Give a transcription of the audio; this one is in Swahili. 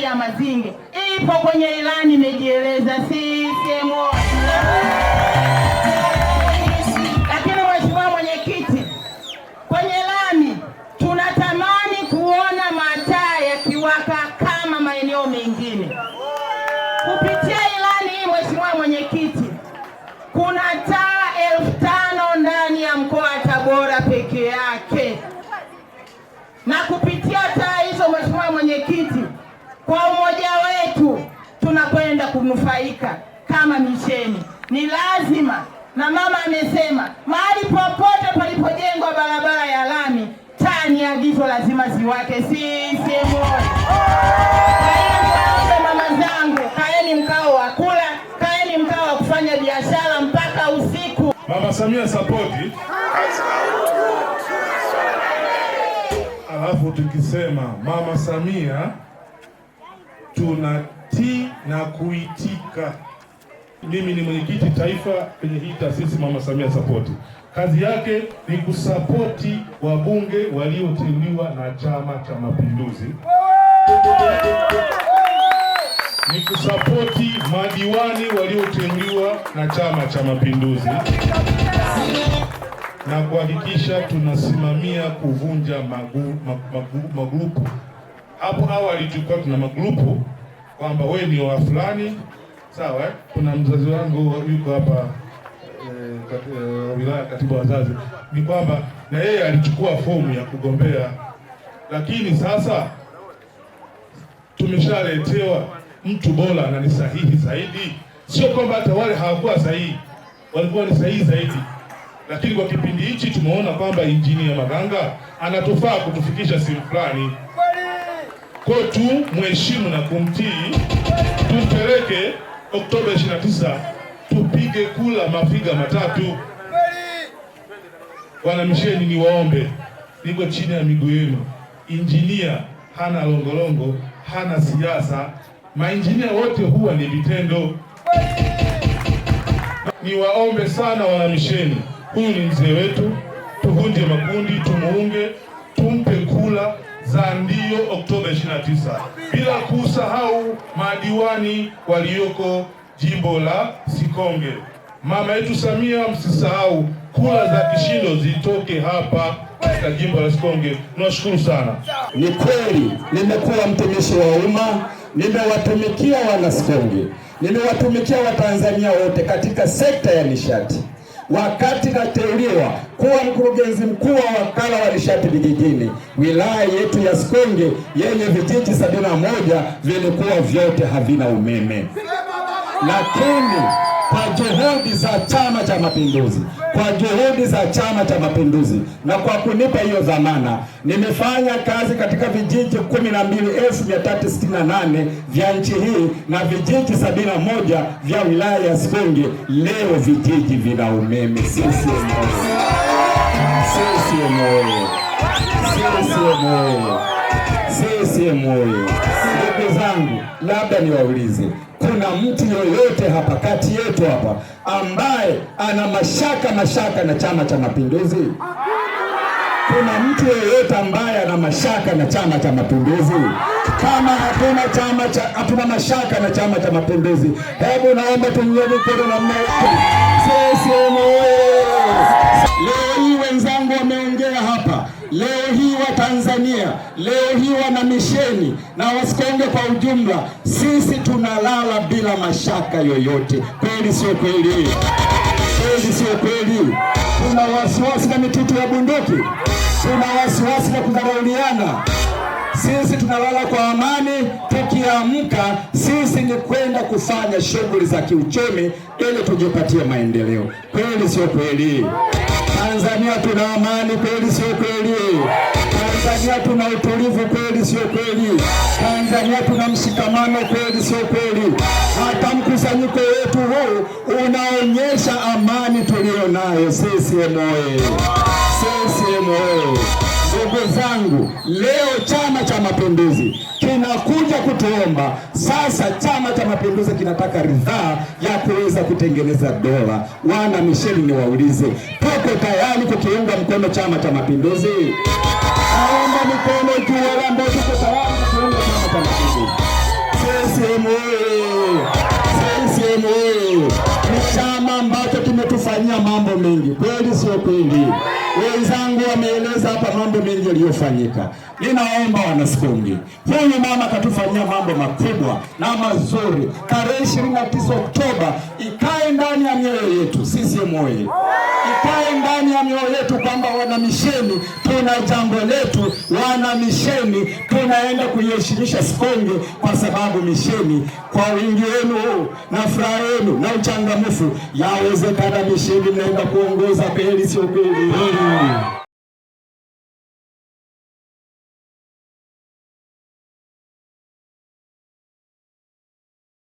serikali ya Mazinge ipo kwenye ilani imejieleza CCM. Lakini mheshimiwa mwenyekiti, kwenye ilani tunatamani kuona mataa yakiwaka kama maeneo mengine. Kupitia ilani hii mheshimiwa mwenyekiti, kuna kunufaika kama Micheni. Ni lazima na mama amesema mahali popote palipojengwa barabara ya lami, taa ni agizo lazima ziwake. CCM oyee! Mama zangu, kaeni mkao wa kula, kaeni mkao wa kufanya biashara mpaka usiku. Mama Samia sapoti. Alafu tukisema Mama Samia tunatii na kuitika. Mimi ni mwenyekiti taifa kwenye hii taasisi Mama Samia Sapoti. Kazi yake ni kusapoti wabunge walioteuliwa na Chama cha Mapinduzi, ni kusapoti madiwani walioteuliwa na Chama cha Mapinduzi na kuhakikisha tunasimamia kuvunja magrupu. Hapo awali tulikuwa tuna magrupu kwamba wewe ni wa fulani, sawa eh? Kuna mzazi wangu yuko hapa eh, kat, eh, wilaya katibu wazazi, ni kwamba na yeye alichukua fomu ya kugombea, lakini sasa tumeshaletewa mtu bora na ni sahihi zaidi. Sio kwamba hata wale hawakuwa sahihi, walikuwa ni sahihi zaidi, lakini kwa kipindi hichi tumeona kwamba injinia Maganga anatufaa kutufikisha sehemu fulani. Kwa tu mheshimu na kumtii, tumpeleke Oktoba 29 tupige kula mafiga matatu. Wanamisheni, niwaombe, niko chini ya miguu yenu. Injinia hana longolongo, hana siasa. Mainjinia wote huwa ni vitendo. Niwaombe sana wanamisheni, huyu ni mzee wetu, tuvunje makundi, tumuunge, tumpe kula za ndio Oktoba 29, bila kusahau madiwani walioko jimbo la Sikonge. Mama yetu Samia, msisahau kula za kishindo zitoke hapa katika jimbo la Sikonge. Tunashukuru sana. Ni kweli nimekuwa mtumishi wa umma, nimewatumikia wana Sikonge, nimewatumikia Watanzania wote katika sekta ya nishati wakati nateuliwa kuwa mkurugenzi mkuu wa wakala wa nishati vijijini wilaya yetu ya Sikonge yenye vijiji sabini na moja vilikuwa vyote havina umeme, lakini kwa juhudi za Chama cha Mapinduzi, kwa juhudi za Chama cha Mapinduzi na kwa kunipa hiyo dhamana, nimefanya kazi katika vijiji 12368 vya nchi hii na vijiji 71 vya wilaya ya Sikonge. Leo vijiji vina umeme. Sisi sisi moyo, ndugu zangu, labda niwaulize kuna mtu yoyote hapa kati yetu hapa ambaye ana mashaka mashaka na Chama cha Mapinduzi? Kuna mtu yoyote ambaye ana mashaka na Chama cha Mapinduzi? Kama hatuna chama cha hatuna mashaka na Chama cha Mapinduzi, hebu naomba tunywe mikono na mmoja leo hii wana misheni na Wasikonge kwa ujumla, sisi tunalala bila mashaka yoyote. Kweli sio kweli? Kweli sio kweli? Kuna wasiwasi na mitutu ya bunduki, kuna wasiwasi na kudharauliana. Sisi tunalala kwa amani. Tukiamka sisi ni kwenda kufanya shughuli za kiuchumi ili tujipatie maendeleo. Kweli sio kweli? Tanzania tuna amani, kweli sio kweli? tuna utulivu kweli, sio kweli? Tanzania tuna mshikamano kweli, sio kweli? Hata mkusanyiko wetu huu unaonyesha amani tuliyo nayo. CCM oye! CCM oye! Ndugu zangu, leo Chama cha Mapinduzi kinakuja kutuomba sasa. Chama cha Mapinduzi kinataka ridhaa ya kuweza kutengeneza dola. Wana misheni, niwaulize, tuko tayari kukiunga mkono Chama cha Mapinduzi? naomba mikono juu, wale ambao tuko salama tunaunga Chama cha Mapinduzi. CCM Ni chama ambacho kimetufanyia mambo mengi, kweli sio kweli? Wenzangu wameeleza hapa mambo mengi yaliyofanyika. Ninaomba wanasikundi, huyu mama katufanyia mambo makubwa na mazuri. Tarehe 29 Oktoba ikae ndani ya mioyo yetu. CCM oyee! ikae ndani ya mioyo yetu kwamba wana misheni tuna jambo letu, wana misheni tunaenda kuiheshimisha Sikonge, kwa sababu misheni, kwa wingi wenu huu na furaha yenu na uchangamfu, yawezekana misheni mnaenda kuongoza kweli, sio kweli?